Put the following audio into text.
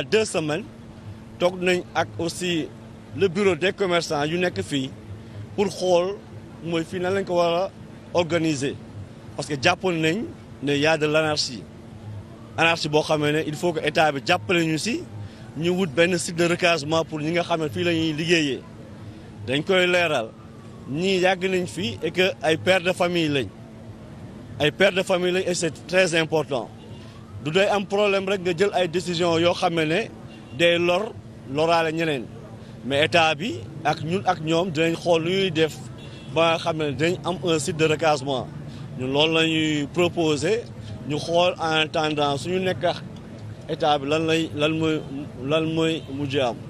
à deux semaines toog nañ ak aussi le bureau des commerçants yu nekk fii pour xool mooy fii nan lañ ko war a organiser parce que jàppoon nañ ne y a de l'anarchie anarchie boo xamee ne il faut que état bi jàppale nañu si ñu wut benn site de recasement pour ñi nga xam ne fii la ñuy liggéeyee dañ koy leeral ñii yàgg nañ fii e que ay pères de famille lañ ay pères de famille lañ et c'est très important du day am problème rek nga jël ay décision yoo xam ne day lor loraale ñeneen mais état bi ak ñun ak ñoom dinañ xool lu ñuy def ba nga xam ne dinañ am un site de recasement ñun loolu la ñuy ñu xool en attendant suñu nekka état bi lan lay lan mooy lan mooy mujj am.